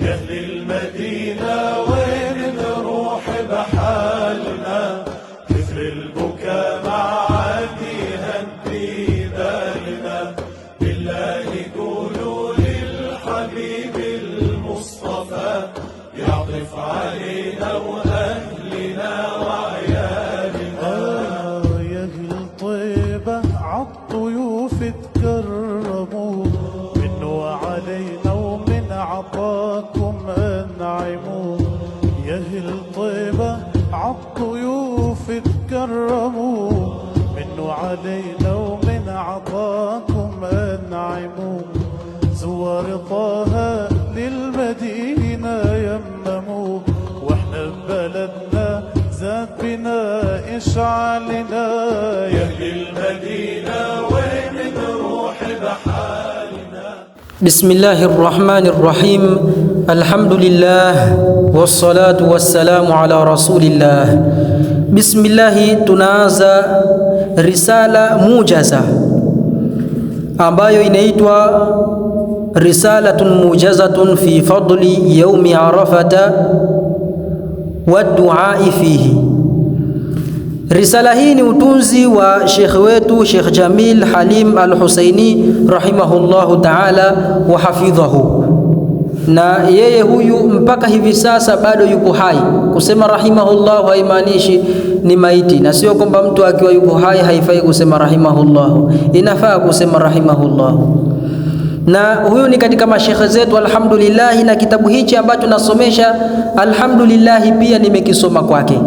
يا أهل المدينة بسم الله الرحمن الرحيم الحمد لله والصلاة والسلام على رسول الله بسم الله تنازى رسالة موجزة أبايو إنيتوا رسالة موجزة في فضل يوم عرفة والدعاء فيه Risala hii ni utunzi wa shekhe wetu Shekh Jamil Halim Al-Husaini rahimahullahu taala wa hafidhahu, na yeye huyu mpaka hivi sasa bado yuko hai. Kusema rahimahullahu haimaanishi ni maiti, na sio kwamba mtu akiwa yuko hai haifai kusema rahimahullahu, inafaa kusema rahimahullahu na huyu ni katika mashekhe zetu alhamdulillahi, na kitabu hichi ambacho nasomesha alhamdulillahi pia nimekisoma kwake.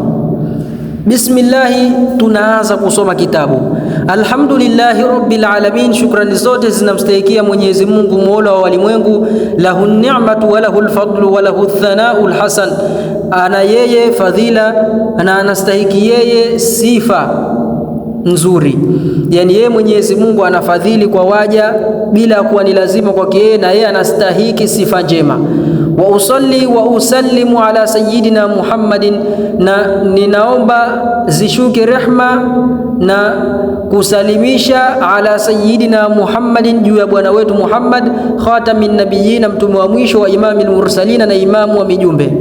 Bismillahi, tunaanza kusoma kitabu. Alhamdulillahi rabbil alamin, shukrani zote zinamstahikia Mwenyezi Mungu mola wa walimwengu. Lahu ni'matu wa lahu lfadlu wa lahu thanaul lhasan, ana yeye fadhila na anastahiki yeye sifa nzuri. Yani yeye Mwenyezi Mungu anafadhili kwa waja bila kuwa ni lazima kwake yeye, na yeye anastahiki sifa njema wa usalli wa usallimu ala sayyidina Muhammadin, na ninaomba zishuke rehma na kusalimisha ala sayyidina Muhammadin, juu ya bwana wetu Muhammad khatamin nabiyina, mtume wa mwisho wa imamil mursalina, na imamu wa mijumbe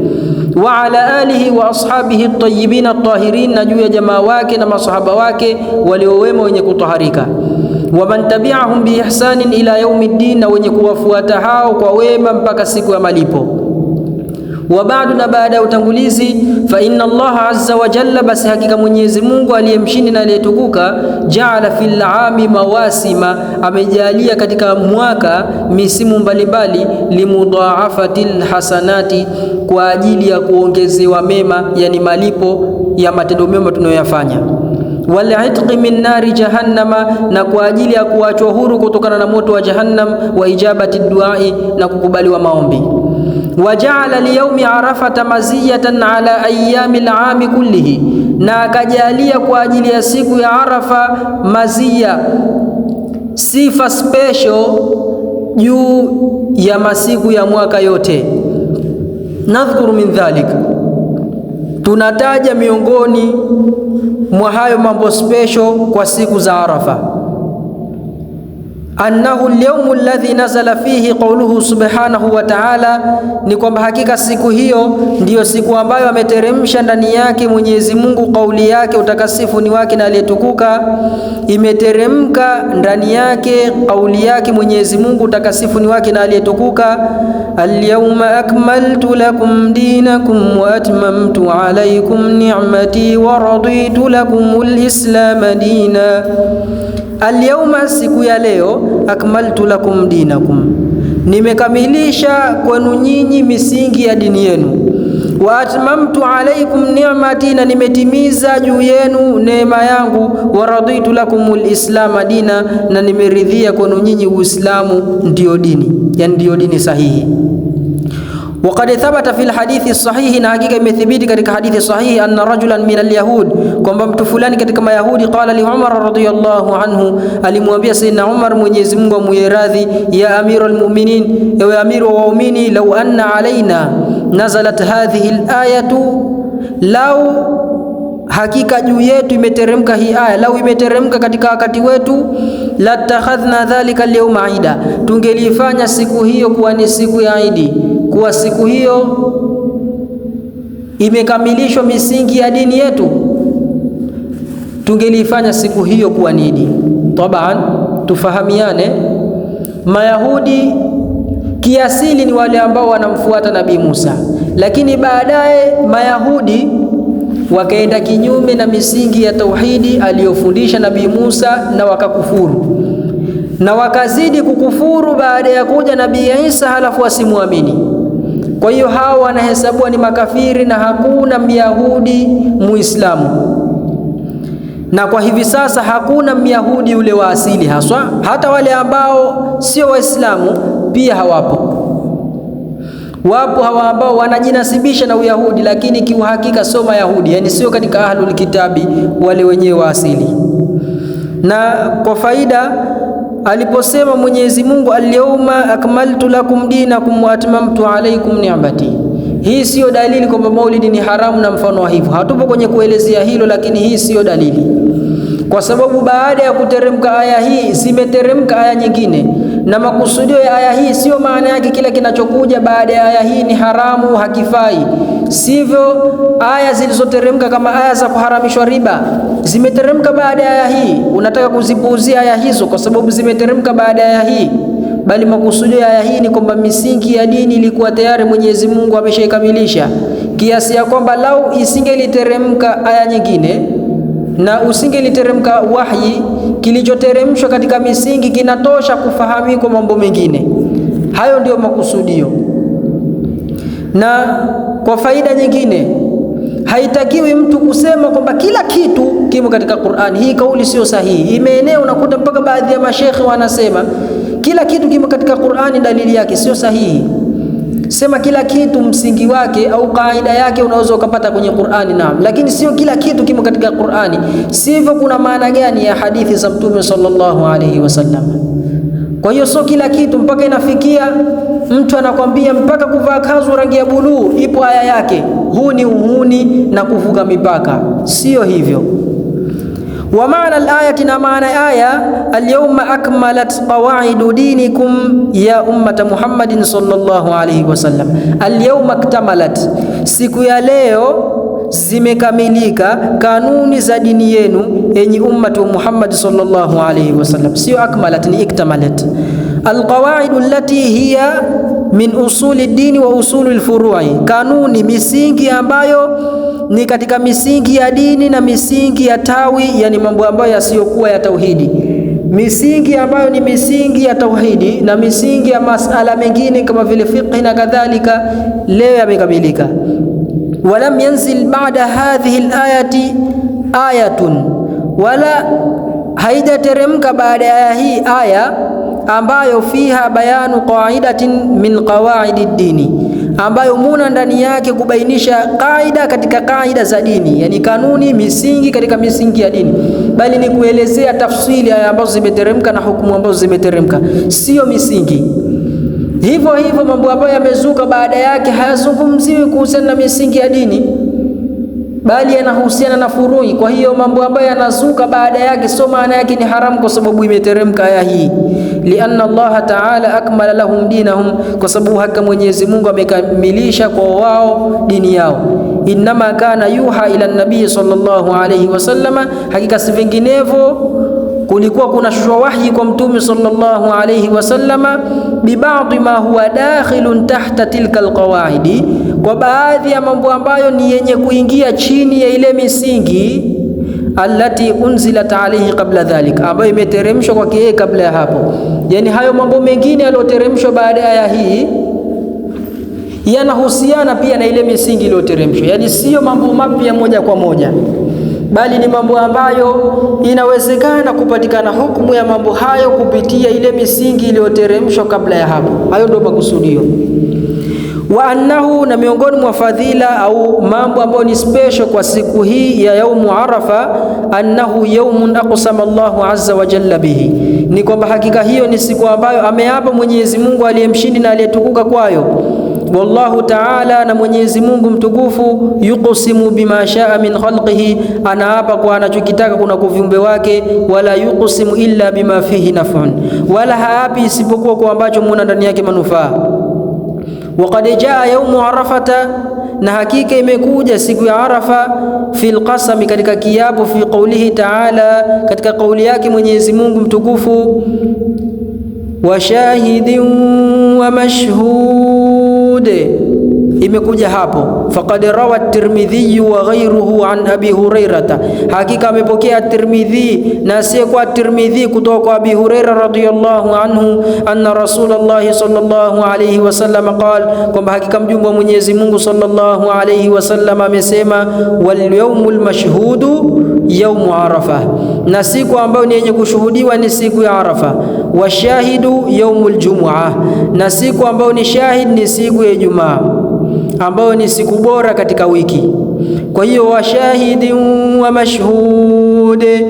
wa ala alihi wa ashabihi at-tayyibin tahirin na juu ya jamaa wake na masahaba wake waliowema wenye kutaharika wa man tabi'ahum bi ihsanin ila yaumiddin, na wenye kuwafuata hao kwa wema mpaka siku ya malipo wa baadu, na baada ya utangulizi, fa inna Allah azza wa jalla, basi hakika Mwenyezi Mungu aliyemshindi na aliyetukuka, jaala fil aami mawasima, amejalia katika mwaka misimu mbalimbali, limudhaafatil hasanati, kwa ajili ya kuongezewa mema, yani malipo ya matendo mema tunayoyafanya walitqi min nari jahannama, na kwa ajili ya kuachwa huru kutokana na moto wa Jahannam, wa ijabati duai, na kukubaliwa maombi wajaala liyaumi arafata maziyatan ala ayami lami kullihi, na akajalia kwa ajili ya siku ya Arafa maziya sifa special juu ya masiku ya mwaka yote. Nadhkuru min dhalik, tunataja miongoni mwa hayo mambo special kwa siku za Arafa annahu alyawmu alladhi nazala fihi qawluhu subhanahu wa ta'ala, ni kwamba hakika siku hiyo ndiyo siku ambayo ameteremsha ndani yake Mwenyezi Mungu kauli yake, utakasifu ni wake na aliyetukuka. Imeteremka ndani yake kauli yake Mwenyezi Mungu, utakasifu ni wake na aliyetukuka. Alyawma akmaltu lakum dinakum wa atmamtu alaykum ni'mati wa raditu lakum al islam dina Alyauma, siku ya leo, akmaltu lakum dinakum, nimekamilisha kwenu nyinyi misingi ya dini yenu. Wa atmamtu alaikum ni'mati, na nimetimiza juu yenu neema yangu. Wa raditu lakum lislama dina, na nimeridhia kwenu nyinyi Uislamu ndio dini, yani ndiyo dini sahihi. Waqad thabata fil hadithi sahihi, na hakika imethibiti katika hadithi sahihi, anna rajulan min alyahud, kwamba mtu fulani katika Mayahudi, qala li Umar radhiyallahu anhu, alimwambia Sayyidina Umar, Mwenyezi Mungu amwiradhi, ya amira almu'minin, ewe amiru wa waumini, lau anna alaina nazalat hadhihi alayatu, lau hakika juu yetu imeteremka hii aya, lau imeteremka katika wakati wetu, latakhadhna dhalika alyawma aida, tungelifanya siku hiyo kuwa ni siku ya Idi kuwa siku hiyo imekamilishwa misingi ya dini yetu, tungelifanya siku hiyo kuwa ni Idi. Taban, tufahamiane, Mayahudi kiasili ni wale ambao wanamfuata Nabii Musa, lakini baadaye Mayahudi wakaenda kinyume na misingi ya tauhidi aliyofundisha Nabii Musa na wakakufuru na wakazidi kukufuru baada ya kuja Nabii Isa, halafu wasimwamini kwa hiyo hawa wanahesabiwa ni makafiri na hakuna Myahudi Muislamu. Na kwa hivi sasa hakuna Myahudi ule wa asili haswa, hata wale ambao sio Waislamu pia hawapo. Wapo hawa ambao wanajinasibisha na Uyahudi, lakini kiuhakika sio Mayahudi, yani sio katika ahlul kitabi wale wenyewe wa asili. Na kwa faida aliposema Mwenyezi Mungu alyauma akmaltu lakum dinakum wa atmamtu alaykum ni'mati. Hii siyo dalili kwamba maulidi ni haramu na mfano wa hivyo, hatupo kwenye kuelezea hilo, lakini hii siyo dalili, kwa sababu baada ya kuteremka aya hii zimeteremka aya nyingine, na makusudio ya aya hii siyo maana yake kila kinachokuja baada ya aya hii ni haramu, hakifai sivyo aya zilizoteremka kama aya za kuharamishwa riba zimeteremka baada ya aya hii. Unataka kuzipuuzia aya hizo kwa sababu zimeteremka baada ya hii, bali makusudio ya aya hii ni kwamba misingi ya dini ilikuwa tayari Mwenyezi Mungu ameshaikamilisha, kiasi ya kwamba lau isingeliteremka aya nyingine na usingeliteremka wahyi, kilichoteremshwa katika misingi kinatosha kufahamikwa mambo mengine. Hayo ndiyo makusudio na kwa faida nyingine, haitakiwi mtu kusema kwamba kila kitu kimo katika Qur'ani. Hii kauli sio sahihi, imeenea unakuta mpaka baadhi ya mashekhe wanasema kila kitu kimo katika Qur'ani, dalili yake sio sahihi. Sema kila kitu msingi wake au kaida yake unaweza ukapata kwenye Qur'ani, naam, lakini sio kila kitu kimo katika Qur'ani. Sivyo, kuna maana gani ya hadithi za Mtume sallallahu alaihi wasallam? Kwa hiyo sio kila kitu mpaka inafikia mtu anakwambia mpaka kuvaa kanzu rangi ya buluu, ipo aya yake. Huu ni uhuni na kuvuka mipaka, siyo hivyo. Wa maana alayati, na maana ya aya, alyawma akmalat qawaidu dinikum ya ummata Muhammadin sallallahu alayhi wasallam. Alyawma aktamalat, siku ya leo zimekamilika kanuni za dini yenu, enyi ummati wa Muhammad sallallahu alayhi wasallam. Sio akmalat, ni iktamalat. Alqawaidu allati hiya min usuli dini wa usuli lfuru'i, kanuni misingi ambayo ni katika misingi ya dini na misingi ya tawi, yani mambo ambayo yasiyokuwa ya tauhidi misingi ambayo ni misingi ya tauhidi na misingi ya masala mengine kama vile fiqh na kadhalika, leo yamekamilika walam yanzil ba'da hadhihi alayati ayatun, wala haijateremka baada ya hii aya ambayo fiha bayanu qaidatin min qawaidi dini, ambayo muna ndani yake kubainisha kaida katika kaida za dini, yani kanuni, misingi katika misingi ya dini, bali ni kuelezea tafsili aya ambazo zimeteremka na hukumu ambazo zimeteremka, siyo misingi Hivyo hivyo mambo ambayo yamezuka baada yake hayazungumziwi kuhusiana na misingi ya dini, bali yanahusiana na furui. Kwa hiyo mambo ambayo yanazuka baada yake sio maana yake ni haramu, kwa sababu imeteremka aya hii, lianna Allah taala akmala lahum dinahum, kwa sababu hakika Mwenyezi Mungu amekamilisha kwa wao dini yao. Innama kana yuha ila nabii sallallahu alayhi wasallama, hakika si vinginevyo kulikuwa kuna shushwa wahyi kwa Mtume sallallahu alayhi wasallama, bibadhi ma huwa dakhilun tahta tilka alqawaidi, kwa baadhi ya mambo ambayo ni yenye kuingia chini ya ile misingi allati unzilat alayhi qabla dhalik, ambayo imeteremshwa kwake yeye kabla ya hapo. Yani hayo mambo mengine yaliyoteremshwa baada ya hii yanahusiana pia na ile misingi iliyoteremshwa, yani siyo mambo mapya moja kwa moja bali ni mambo ambayo inawezekana kupatikana hukumu ya mambo hayo kupitia ile misingi iliyoteremshwa kabla ya hapo. Hayo ndio makusudio wa annahu, na miongoni mwa fadhila au mambo ambayo ni special kwa siku hii ya yaumu Arafa, annahu yaumun aqsama Allahu azza wa jalla bihi, ni kwamba hakika hiyo ni siku ambayo ameapa Mwenyezi Mungu aliyemshindi na aliyetukuka kwayo wallahu taala, na Mwenyezi Mungu mtukufu, yuqsimu bima shaa min khalqihi, anaapa kwa anachokitaka kuna kwa viumbe wake. Wala yuqsimu illa bima fihi naf'un, wala haapi isipokuwa kwa ambacho muona ndani yake manufaa. Waqad jaa yaumu arafata na hakika imekuja siku ya Arafa, fil qasami, katika kiapo, fi qaulihi taala, katika kauli yake Mwenyezi Mungu mtukufu, wa shahidin wa mashhud kunde imekuja hapo, faqad rawa Tirmidhi wa ghayruhu an abi Hurairata, hakika amepokea Tirmidhi na asiyekuwa Tirmidhi kutoka kwa abi Huraira radhiyallahu anhu, anna Rasulullahi sallallahu alayhi wasallam qala, kwamba hakika mjumbe wa Mwenyezi Mungu sallallahu alayhi wasallam amesema, wal yawmul mashhudu yaumu Arafa, na siku ambayo ni yenye kushuhudiwa ni siku ya Arafa. Wa shahidu ljumua na siku ambayo ni shahid ni siku ya Ijumaa ambayo ni siku bora katika wiki. Kwa hiyo washahidi wa mashhudi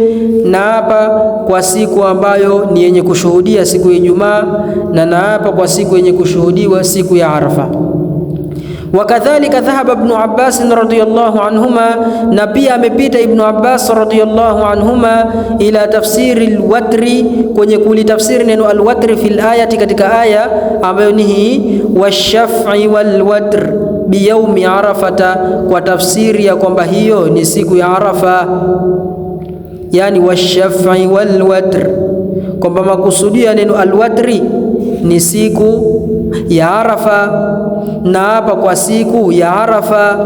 na hapa kwa siku ambayo ni yenye kushuhudia siku ya Ijumaa, na naapa kwa siku yenye kushuhudiwa siku ya Arafa. Wakadhalika dhahaba Ibnu Abbasin radhiyallahu anhuma, na pia amepita Ibnu Abbas radhiyallahu anhuma ila tafsiri lwatri, kwenye kulitafsiri neno alwatri fil ayati, katika aya ambayo ni hii washafi walwatr biyaumi arafata, kwa tafsiri ya kwamba hiyo ni siku ya Arafa, yani washafi walwatr, kwamba makusudio ya neno alwatri ni siku ya Arafa, na hapa kwa siku ya Arafa.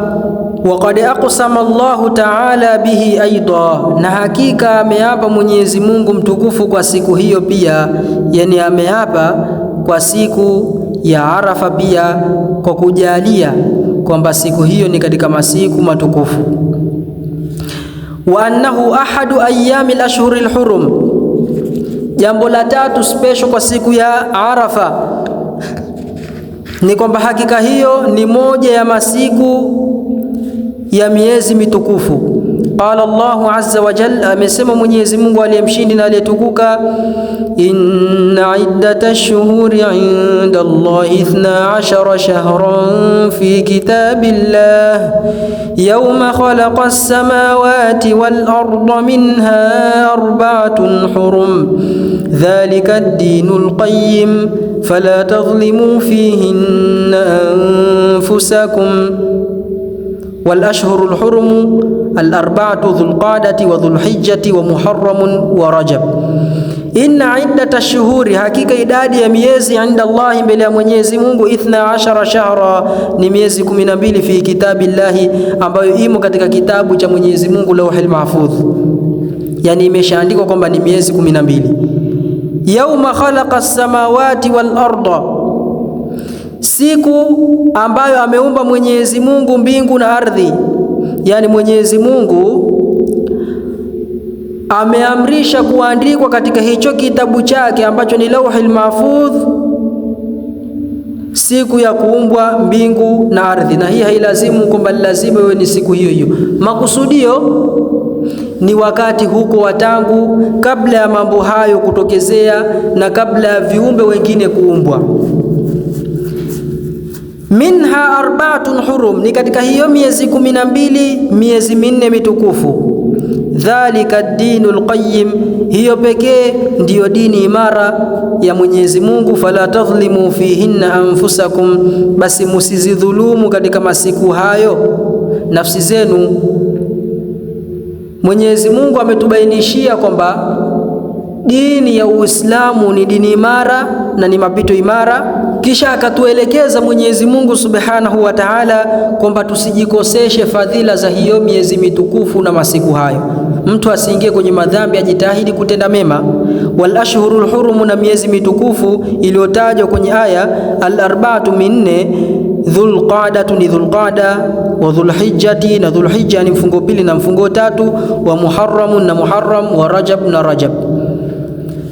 Waqad aqsama Allahu ta'ala bihi aidha, na hakika ameapa Mwenyezi Mungu mtukufu kwa siku hiyo pia, yani ameapa kwa siku ya Arafa pia kwa kujalia kwamba siku hiyo ni katika masiku matukufu. Wa annahu ahadu ayami lashhuri lhurum. Jambo la tatu special kwa siku ya Arafa ni kwamba hakika hiyo ni moja ya masiku ya miezi mitukufu. Qala Allahu azza wa jalla, amesema Mwenyezi Mungu aliyemshindi na aliyetukuka, inna iddata shuhuri inda Allahi ithna ashara shahran fi kitabillah yawma khalaqa as-samawati wal arda minha arba'atun hurum dhalika ad-dinul qayyim fala tadhlimu fihinna anfusakum wal ashhurul hurum al arba'atu dhul qadati wa dhul hijjati wa muharram wa rajab Inna iddata shuhuri, hakika idadi ya miezi inda Allahi, mbele ya Mwenyezi Mungu, ithna shahra, ni miezi kumi na mbili, fi kitabi llahi, ambayo imo katika kitabu cha Mwenyezi Mungu lauhil mahfudh, yani imeshaandikwa kwamba ni miezi kumi na mbili yauma khalaqa samawati wal arda, siku ambayo ameumba Mwenyezi Mungu mbingu na ardhi. Yaani Mwenyezi Mungu ameamrisha kuandikwa katika hicho kitabu chake ambacho ni Lauhil Mahfuz siku ya kuumbwa mbingu na ardhi, na hii hailazimu kwamba lazima iwe ni siku hiyo hiyo, makusudio ni wakati huko watangu kabla ya mambo hayo kutokezea na kabla ya viumbe wengine kuumbwa. Minha arbaatun hurum, ni katika hiyo miezi kumi na mbili miezi minne mitukufu. Dhalika dinu lqayim, hiyo pekee ndiyo dini imara ya Mwenyezi Mungu. Fala tadhlimu fihinna anfusakum, basi musizidhulumu katika masiku hayo nafsi zenu Mwenyezi Mungu ametubainishia kwamba dini ya Uislamu ni dini imara na ni mapito imara, kisha akatuelekeza Mwenyezi Mungu Subhanahu wa Ta'ala kwamba tusijikoseshe fadhila za hiyo miezi mitukufu na masiku hayo. Mtu asiingie kwenye madhambi, ajitahidi kutenda mema. Wal ashhurul hurum, na miezi mitukufu iliyotajwa kwenye aya al-arba'atu minne Dhulqadatu ni Dhulqada, wa Dhulhijjati na Dhulhijja ni mfungo pili na mfungo tatu, wa Muharramun na Muharram, wa Rajab na Rajab.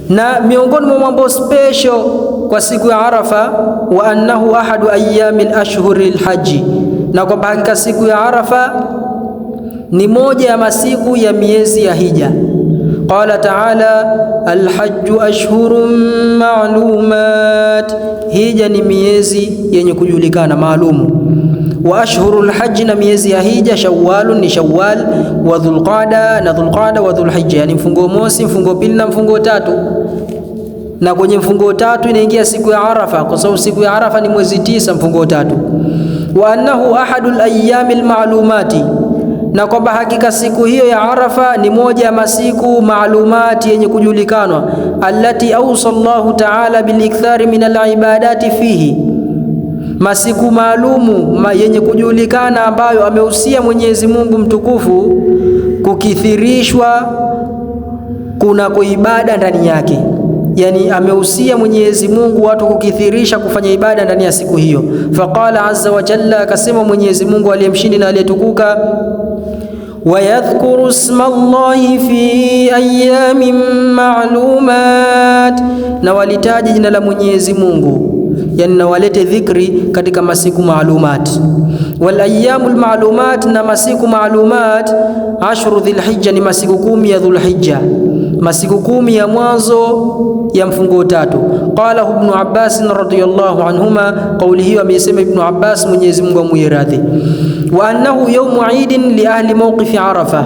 Na miongoni mwa mambo special kwa siku ya Arafa, wa annahu ahadu ayami lashhuri lhaji, na kwamba hakika siku ya Arafa ni moja ya masiku ya miezi ya hija. Qala taala alhaju ashhurun maalumat, hija ni miezi yenye kujulikana maalumu. Wa ashhuru lhaji, na miezi ya hija. Shawalun ni Shawal, wa Dhulqada na Dhulqada, wa Dhulhijja, yani mfungo mosi, mfungo pili na mfungo tatu. Na kwenye mfungo tatu inaingia siku ya Arafa, kwa sababu siku ya Arafa ni mwezi tisa, mfungo tatu. Wa annahu ahadul ayami lmalumati na kwamba hakika siku hiyo ya Arafa ni moja ya masiku maalumati yenye kujulikanwa, allati ausa Allahu taala bilikthari min alibadati fihi, masiku maalumu ma yenye kujulikana ambayo amehusia Mwenyezi Mungu mtukufu kukithirishwa kuna kuibada ndani yake. Yani, amehusia Mwenyezi Mungu watu kukithirisha kufanya ibada ndani ya siku hiyo. Faqala azza wa jalla, akasema Mwenyezi Mungu aliyemshindi na aliyetukuka ويذكر اسم الله fi ayamin maalumat, na walitaji jina la Mwenyezi Mungu, yani nawalete dhikri katika masiku maalumat. Wal ayyamul maalumat, na masiku maalumat. Ashru dhilhijja, ni masiku kumi ya Dhulhijja, masiku kumi ya mwanzo ya mfunguo tatu. Qalahu Ibnu Abbasin radhiyallahu anhuma, kauli hiyo ameisema Ibnu Abbas, Mwenyezi Mungu amwiye radhi. Wa annahu yaumu idin li ahli mawqifi Arafa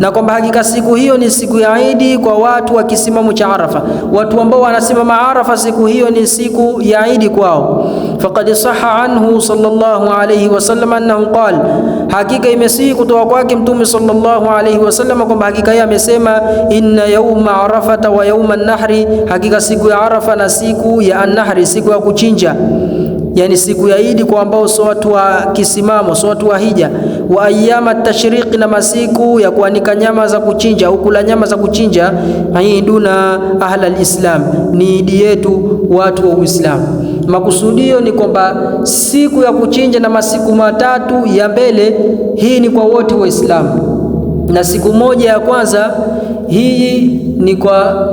na kwamba hakika siku hiyo ni siku ya Idi kwa watu wa kisimamu cha Arafa. Watu ambao wanasimama Arafa siku hiyo ni siku ya Idi kwao. Faqad sahha anhu sallallahu alayhi wasallam annahu qala, hakika imesihi kutoka kwake Mtume sallallahu alayhi wasallam kwamba hakika yeye amesema, inna yawma arafata wa yawma an-nahri, hakika siku ya Arafa na siku ya an-nahri, siku ya kuchinja yani siku ya Idi kwa ambao sio watu wa kisimamo, sio watu wa hija. Wa ayyama tashriqi, na masiku ya kuanika nyama za kuchinja au kula nyama za kuchinja. Iduna ahla alislam, ni idi yetu watu wa Uislamu. Makusudio ni kwamba siku ya kuchinja na masiku matatu ya mbele, hii ni kwa wote Waislamu, na siku moja ya kwanza hii ni kwa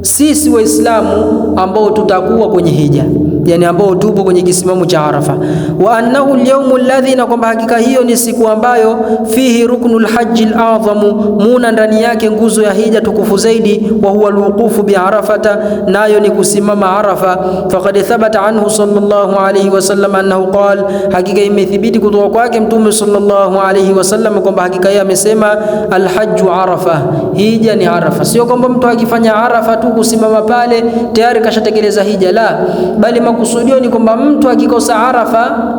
sisi Waislamu ambao tutakuwa kwenye hija yani ambao tupo kwenye kisimamo cha Arafa. Wa annahu alyawmu alladhi, na kwamba hakika hiyo ni siku ambayo fihi ruknul hajji al-adhamu, muna ndani yake nguzo ya hija tukufu zaidi, wa huwa alwuqufu bi Arafata, nayo ni kusimama Arafa. Faqad thabata anhu sallallahu alayhi wa sallam annahu qala, hakika imethibiti kutoka kwake Mtume sallallahu alayhi wa sallam kwamba hakika yeye amesema alhajj Arafa, hija ni Arafa. Sio kwamba mtu akifanya Arafa tu kusimama pale tayari kashatekeleza hija, la bali yanayokusudiwa ni kwamba mtu akikosa Arafa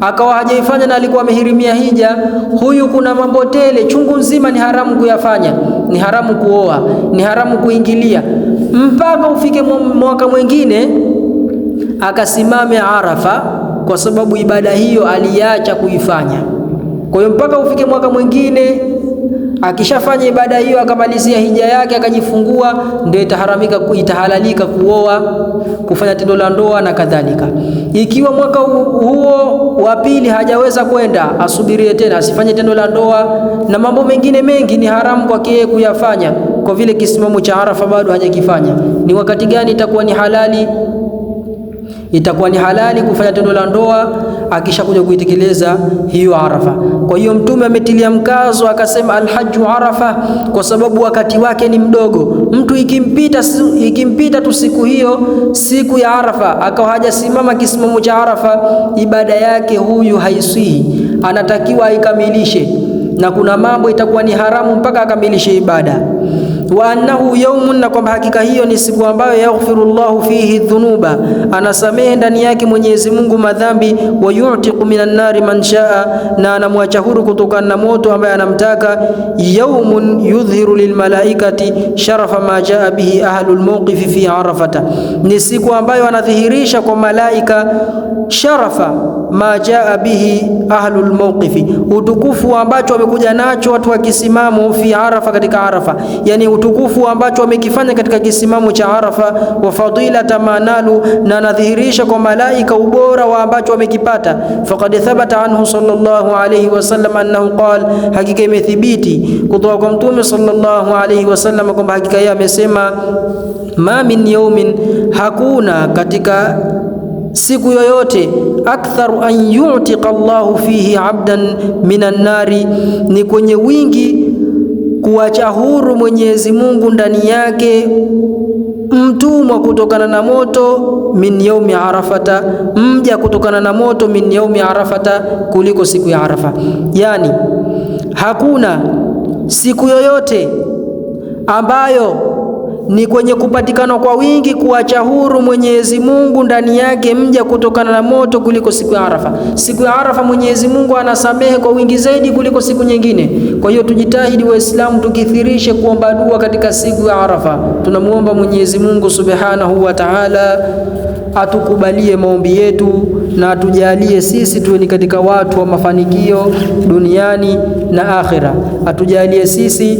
akawa hajaifanya na alikuwa amehirimia hija, huyu kuna mambo tele chungu nzima ni haramu kuyafanya, ni haramu kuoa, ni haramu kuingilia, mpaka ufike mwaka mwingine akasimame Arafa, kwa sababu ibada hiyo aliacha kuifanya. Kwa hiyo mpaka ufike mwaka mwingine Akishafanya ibada hiyo akamalizia hija yake akajifungua, ndio itaharamika, itahalalika kuoa, kufanya tendo la ndoa na kadhalika. Ikiwa mwaka huo wa pili hajaweza kwenda, asubirie tena, asifanye tendo la ndoa, na mambo mengine mengi ni haramu kwake yeye kuyafanya, kwa vile kisimamo cha Arafa bado hajakifanya. Ni wakati gani itakuwa ni halali? itakuwa ni halali kufanya tendo la ndoa akishakuja kuitekeleza hiyo Arafa. Kwa hiyo Mtume ametilia mkazo akasema, alhaju Arafa, kwa sababu wakati wake ni mdogo. Mtu ikimpita ikimpita tu siku hiyo, siku ya Arafa, akawa hajasimama kisimamo cha Arafa, ibada yake huyu haisihi, anatakiwa aikamilishe, na kuna mambo itakuwa ni haramu mpaka akamilishe ibada wa annahu yaumun, na kwamba hakika hiyo ni siku ambayo yaghfiru llahu fihi dhunuba, anasamehe ndani yake Mwenyezi Mungu madhambi, wa yutiqu minan nari man shaa, na anamwacha huru kutokana na moto ambaye anamtaka. Yaumun yudhiru lilmalaikati sharafa ma jaa bihi ahlul mawqifi fi arafata, ni siku ambayo anadhihirisha kwa malaika sharafa ma jaa bihi ahlul mawqifi, utukufu ambacho wamekuja nacho watu wa kisimamu fi Arafa, katika Arafa, yani utukufu ambacho wamekifanya katika kisimamu cha Arafa. Wa fadilata manalu, na nadhihirisha kwa malaika ubora wa ambacho wamekipata. Faqad thabata anhu sallallahu alayhi wasallam annahu qala, hakika imethibiti kutoka kwa Mtume sallallahu alayhi wasallam kwamba hakika yeye amesema, ma min yawmin, hakuna katika siku yoyote akthar an yutika Allahu fihi abdan minan annari ni kwenye wingi kuacha huru Mwenyezi Mungu ndani yake mtumwa kutokana na moto, min yaumi arafata, mja kutokana na moto, min yaumi arafata, kuliko siku ya Arafa. Yani hakuna siku yoyote ambayo ni kwenye kupatikana kwa wingi kuacha huru Mwenyezi Mungu ndani yake mja kutokana na moto kuliko siku ya Arafa. Siku ya Arafa Mwenyezi Mungu anasamehe kwa wingi zaidi kuliko siku nyingine. Kwa hiyo tujitahidi, Waislamu, tukithirishe kuomba dua katika siku ya Arafa. Tunamuomba Mwenyezi Mungu Subhanahu wa Ta'ala atukubalie maombi yetu na atujalie sisi tuwe ni katika watu wa mafanikio duniani na akhira. Atujalie sisi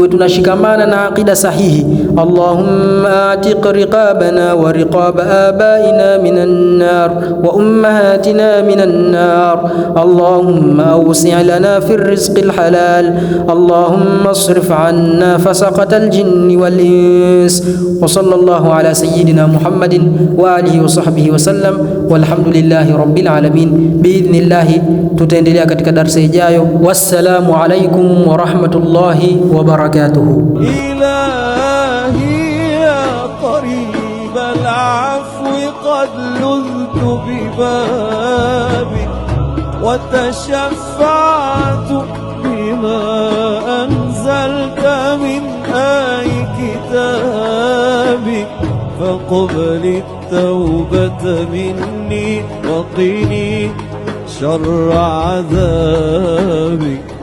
tuwe tunashikamana na aqida sahihi. Allahumma atiq riqabana wa riqaba abaina minan nar wa ummahatina minan nar. Allahumma awsi' lana fi rizqi lhalal Allahumma asrif anna fasaqata aljinni wal ins. Wa sallallahu ala sayyidina Muhammadin wa alihi wa sahbihi wa sallam walhamdulillahi rabbil alamin. Biidhnillahi tutaendelea katika darsa ijayo. Wassalamu alaikum wa rahmatullahi wa barakatuh. وبركاته إلهي يا قريب العفو قد لذت ببابك وتشفعت بما أنزلت من آي كتابك فقبل التوبة مني وقني شر عذابك